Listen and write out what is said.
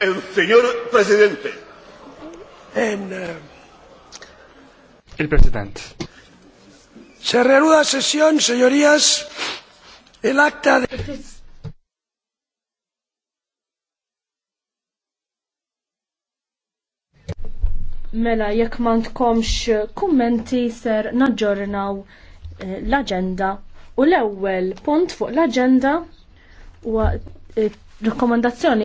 El señor presidente. En, uh, eh, el presidente. Se reanuda sesión, señorías. El acta de. Mela, jekk ma tkomx kummenti ser naġġornaw eh, l-agenda U l-ewwel punt fuq l-aġenda huwa eh, rakkomandazzjoni